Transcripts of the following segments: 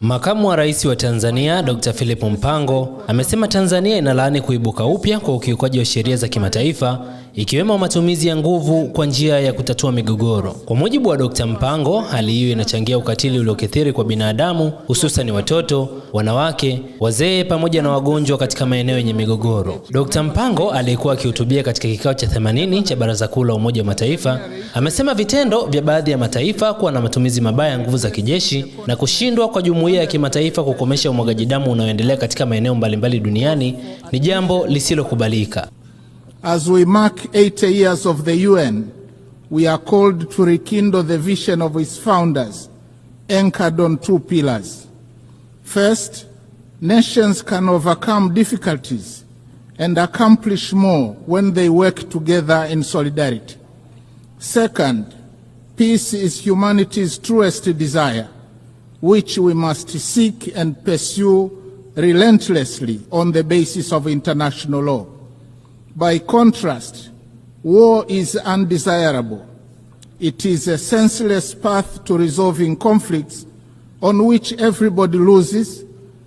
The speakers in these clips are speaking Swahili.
Makamu wa Rais wa Tanzania Dr. Philip Mpango amesema Tanzania inalaani kuibuka upya kwa ukiukaji wa sheria za kimataifa ikiwemo matumizi ya nguvu kwa njia ya kutatua migogoro. Kwa mujibu wa Dkt. Mpango, hali hiyo inachangia ukatili uliokithiri kwa binadamu, hususan watoto, wanawake, wazee pamoja na wagonjwa katika maeneo yenye migogoro. Dkt. Mpango aliyekuwa akihutubia katika kikao cha 80 cha Baraza Kuu la Umoja wa Mataifa amesema vitendo vya baadhi ya mataifa kuwa na matumizi mabaya ya nguvu za kijeshi na kushindwa kwa jumuiya ya kimataifa kukomesha umwagaji damu unaoendelea katika maeneo mbalimbali duniani ni jambo lisilokubalika. As we mark 80 years of the UN, we are called to rekindle the vision of its founders, anchored on two pillars. First, nations can overcome difficulties and accomplish more when they work together in solidarity. Second, peace is humanity's truest desire, which we must seek and pursue relentlessly on the basis of international law. By contrast, war is undesirable. It is a senseless path to resolving conflicts on which everybody loses,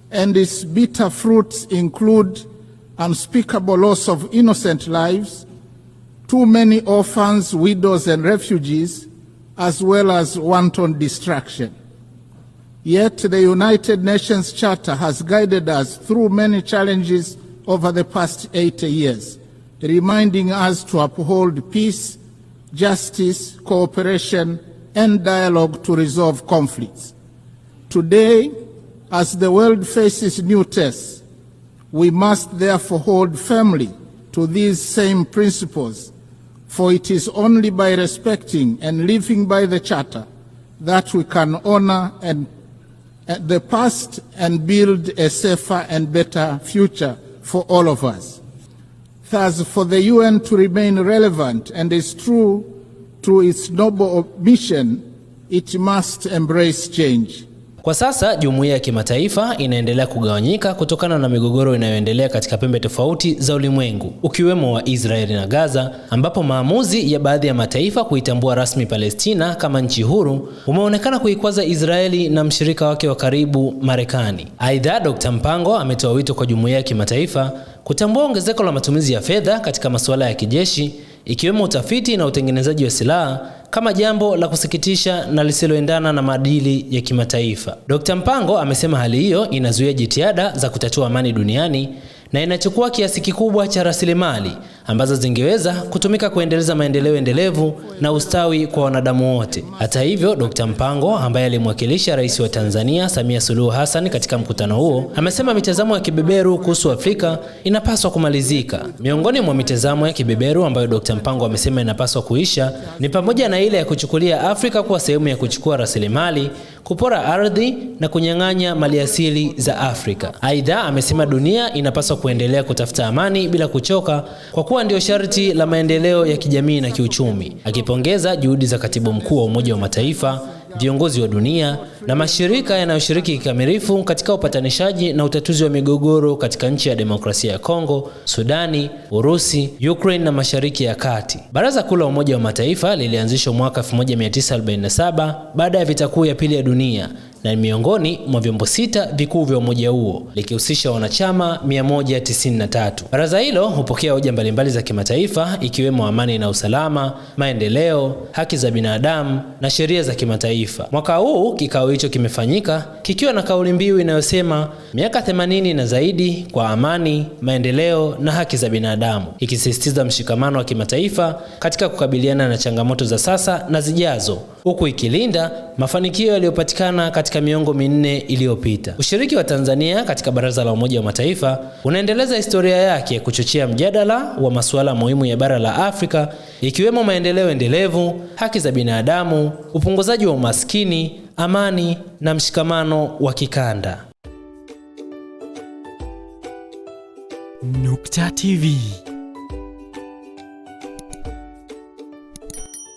and its bitter fruits include unspeakable loss of innocent lives, too many orphans, widows, and refugees, as well as wanton destruction. Yet the United Nations Charter has guided us through many challenges over the past 80 years reminding us to uphold peace, justice, cooperation, and dialogue to resolve conflicts. Today, as the world faces new tests, we must therefore hold firmly to these same principles, for it is only by respecting and living by the Charter that we can honor and, uh, the past and build a safer and better future for all of us. Thus, for the UN to remain relevant and is true to its noble mission, it must embrace change. Kwa sasa jumuiya ya kimataifa inaendelea kugawanyika kutokana na migogoro inayoendelea katika pembe tofauti za ulimwengu ukiwemo wa Israeli na Gaza, ambapo maamuzi ya baadhi ya mataifa kuitambua rasmi Palestina kama nchi huru umeonekana kuikwaza Israeli na mshirika wake wa karibu Marekani. Aidha, Dr. Mpango ametoa wito kwa jumuiya ya kimataifa kutambua ongezeko la matumizi ya fedha katika masuala ya kijeshi ikiwemo utafiti na utengenezaji wa silaha kama jambo la kusikitisha na lisiloendana na maadili ya kimataifa. Dr. Mpango amesema hali hiyo inazuia jitihada za kutatua amani duniani na inachukua kiasi kikubwa cha rasilimali ambazo zingeweza kutumika kuendeleza maendeleo endelevu na ustawi kwa wanadamu wote. Hata hivyo, Dkt. Mpango ambaye alimwakilisha Rais wa Tanzania Samia Suluhu Hassan katika mkutano huo amesema mitazamo ya kibeberu kuhusu Afrika inapaswa kumalizika. Miongoni mwa mitazamo ya kibeberu ambayo Dkt. Mpango amesema inapaswa kuisha ni pamoja na ile ya kuchukulia Afrika kuwa sehemu ya kuchukua rasilimali, kupora ardhi na kunyang'anya maliasili za Afrika. Aidha, amesema dunia inapaswa kuendelea kutafuta amani bila kuchoka kwa kuwa kuwa ndio sharti la maendeleo ya kijamii na kiuchumi, akipongeza juhudi za katibu mkuu wa Umoja wa Mataifa, viongozi wa dunia na mashirika yanayoshiriki kikamilifu katika upatanishaji na utatuzi wa migogoro katika nchi ya demokrasia ya Kongo, Sudani, Urusi, Ukraine na Mashariki ya Kati. Baraza Kuu la Umoja wa Mataifa lilianzishwa mwaka 1947 baada ya vita kuu ya pili ya dunia na miongoni mwa vyombo sita vikuu vya umoja huo likihusisha wanachama 193. Baraza hilo hupokea hoja mbalimbali za kimataifa ikiwemo amani na usalama, maendeleo, haki za binadamu na sheria za kimataifa. Mwaka huu kikao hicho kimefanyika kikiwa na kauli mbiu inayosema miaka 80 na zaidi kwa amani, maendeleo na haki za binadamu, ikisisitiza mshikamano wa kimataifa katika kukabiliana na changamoto za sasa na zijazo, huku ikilinda mafanikio yaliyopatikana katika miongo minne iliyopita. Ushiriki wa Tanzania katika Baraza la Umoja wa Mataifa unaendeleza historia yake kuchochea mjadala wa masuala muhimu ya bara la Afrika ikiwemo maendeleo endelevu, haki za binadamu, upunguzaji wa umaskini amani na mshikamano wa kikanda. Nukta TV